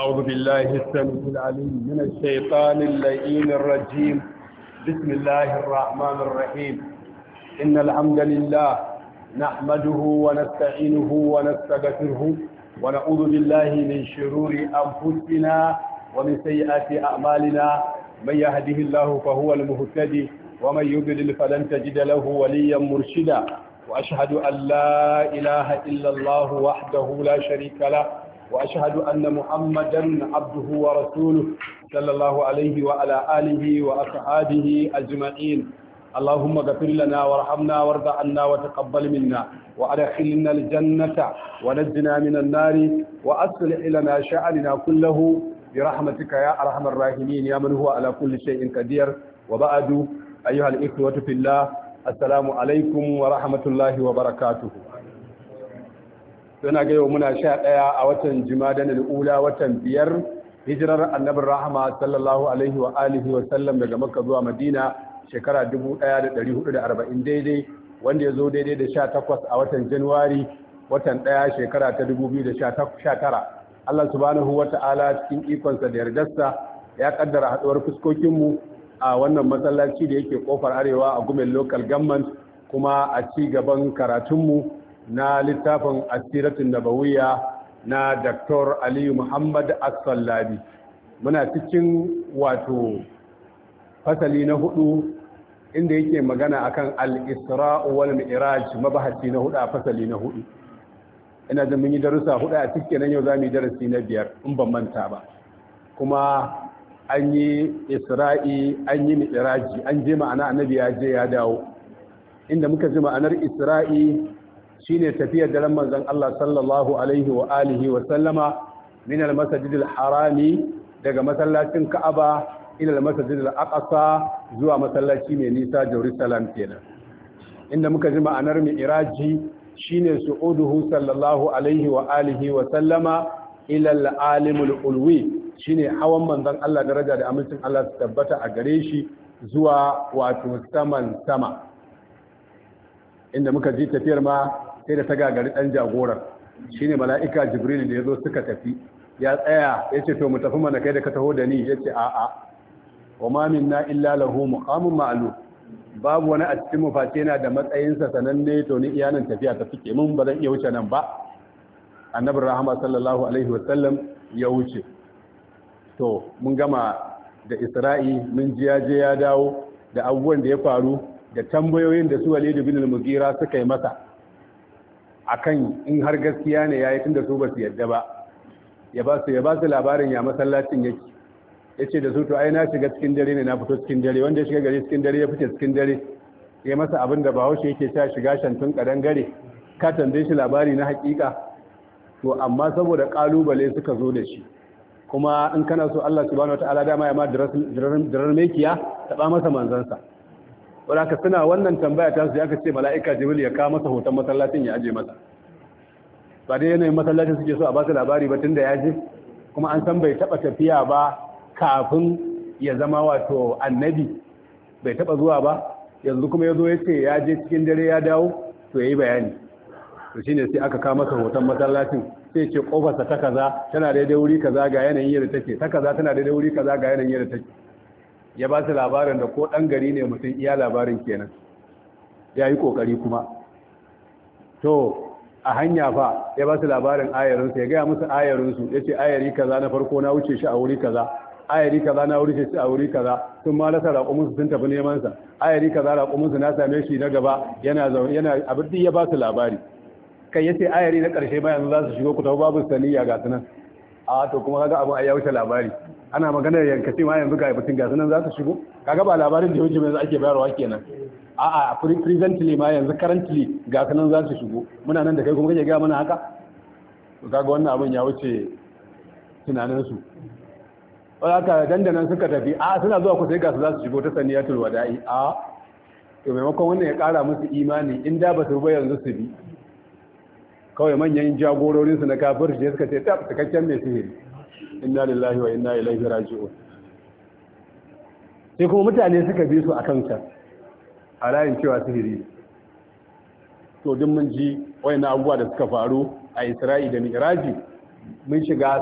أعوذ بالله السميع العليم من الشيطان اللئيم الرجيم بسم الله الرحمن الرحيم إن الحمد لله نحمده ونستعينه ونستغفره ونعوذ بالله من شرور أنفسنا ومن سيئات أعمالنا من يهده الله فهو المهتدي ومن يضلل فلن تجد له وليا مرشدا وأشهد أن لا إله إلا الله وحده لا شريك له وأشهد أن محمدا عبده ورسوله صلى الله عليه وعلى آله وأصحابه أجمعين اللهم اغفر لنا وارحمنا وارض عنا وتقبل منا وادخلنا الجنة ونجنا من النار وأصلح لنا شأننا كله برحمتك يا أرحم الراحمين يا من هو على كل شيء قدير وبعد أيها الإخوة في الله السلام عليكم ورحمة الله وبركاته yana ga yau muna sha ɗaya a watan jimadan al'ula watan biyar hijirar annabin rahama sallallahu alaihi wa alihi wa sallam daga makka zuwa madina shekara 1440 daidai wanda ya zo daidai da 18 a watan januwari watan ɗaya shekara ta 2019 allah subhanahu wa ta'ala cikin ikonsa da yardarsa ya kaddara haɗuwar fuskokinmu a wannan masallaci da yake kofar arewa a gumen local government kuma a ci gaban karatunmu na littafin asiratun nabawiyya na Dr. Aliyu Muhammad as muna cikin wato fasali na hudu inda yake magana akan al-Isra'u wal Mi'raj mabahasi na hudu a fasali na hudu ina da mun yi darussa hudu a cikin nan yau zamu yi darasi na biyar in ban manta ba kuma an yi Isra'i an yi Mi'raji an je ma'ana annabi ya je ya dawo inda muka ji ma'anar Isra'i shine tafiyar daren manzan Allah sallallahu alaihi wa alihi wa sallama min al-masjid al-harami daga masallacin Ka'aba ila al-masjid al-Aqsa zuwa masallaci mai nisa Jerusalem kenan inda muka ji ma'anar mi'raji shine su'uduhu sallallahu alaihi wa alihi wa sallama ila al-alimul ulwi shine hawan manzan Allah daraja da amincin Allah su tabbata a gare shi zuwa wato saman sama inda muka ji tafiyar ma sai da ta gagari ɗan Shi ne mala'ika jibril da ya zo suka tafi ya tsaya ya ce to mu tafi mana kai da ka taho da ni ya ce a'a wa ma minna illa lahu muqamun ma'lum babu wani a cikin mufaci yana da matsayinsa sananne to ni nan tafiya ta fike mun ba zan iya wuce nan ba annabi rahama sallallahu alaihi wasallam ya wuce to mun gama da isra'i mun ji ya dawo da abubuwan da ya faru da tambayoyin da su walid bin al-mughira suka yi masa akan in har gaskiya ne yayi tunda su ba su yadda ba ya ba su ya ba su labarin ya masallacin yake yace da su to ai na shiga cikin dare ne na fito cikin dare wanda ya shiga gari cikin dare ya fice cikin dare ya masa abin da bahaushe yake ta shiga shantun kadan gare ka tambaye shi labari na hakika to amma saboda kalubale suka zo da shi kuma in kana so Allah subhanahu wataala dama ya ma dirar mekiya taɓa masa manzansa wadda suna wannan tambaya ta su ya ce mala'ika jibril ya kawo masa hoton masallacin ya aje masa ba dai yanayin masallacin suke so a ba su labari ba tun da ya je kuma an san bai taba tafiya ba kafin ya zama wato annabi bai taba zuwa ba yanzu kuma ya zo ya ce ya je cikin dare ya dawo to ya yi bayani to shine sai aka kawo masa hoton masallacin sai ce ƙofarsa ta kaza tana daidai wuri kaza ga yanayin yadda take ta kaza tana daidai wuri kaza ga yanayin yadda take ya ba su labarin da ko ɗan gari ne mutum iya labarin kenan ya yi ƙoƙari kuma to a hanya fa ya ba su labarin ayarinsu ya gaya musu ayarinsu ya ce ayari kaza na farko na wuce shi a wuri kaza ayari kaza na wuce shi a wuri kaza sun ma rasa raƙuminsu sun tafi neman sa ayari kaza raƙuminsu na same shi na gaba yana zaune yana abin ya ba su labari kai ce ayari na ƙarshe ma yanzu za su shigo ku tafi babu saniya ga sunan a to kuma kaga abu a ya wuce labari ana maganar yankace ma yanzu ga mutum ga sunan za su shigo kaga ba labarin da ya yanzu ake bayarwa kenan a'a presently ma yanzu currently ga sunan za su shigo muna nan da kai kuma kake ga mana haka to kaga wannan abin ya wuce tunanin su haka dandanan suka tafi a suna zuwa kusa ga su za su shigo ta saniyatul wada'i a to maimakon wannan ya kara musu imani in da ba su ba yanzu su bi kawai manyan jagororinsu na kafir shi suka ce tab cikakken mai sihiri inna lillahi wa inna ilaihi raji'un sai kuma mutane suka bi su akan ta a layin cewa sihiri to duk mun ji wayannan abubuwa da suka faru a Isra'i da Mi'raji mun shiga